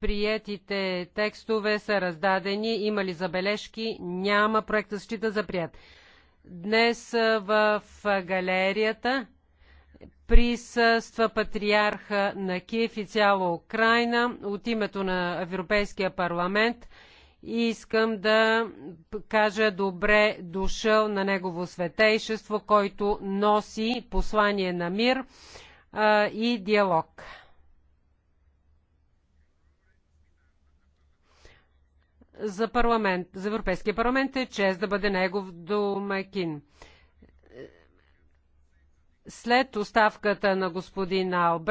Приетите текстове са раздадени. Има ли забележки? Няма. Проектът счита за прият. Днес в галерията присъства патриарха на Киев и цяла Украина от името на Европейския парламент и искам да кажа добре дошъл на негово светейшество, който носи послание на мир а, и диалог. за, парламент, за Европейския парламент е чест да бъде негов домакин. След оставката на господин Албер,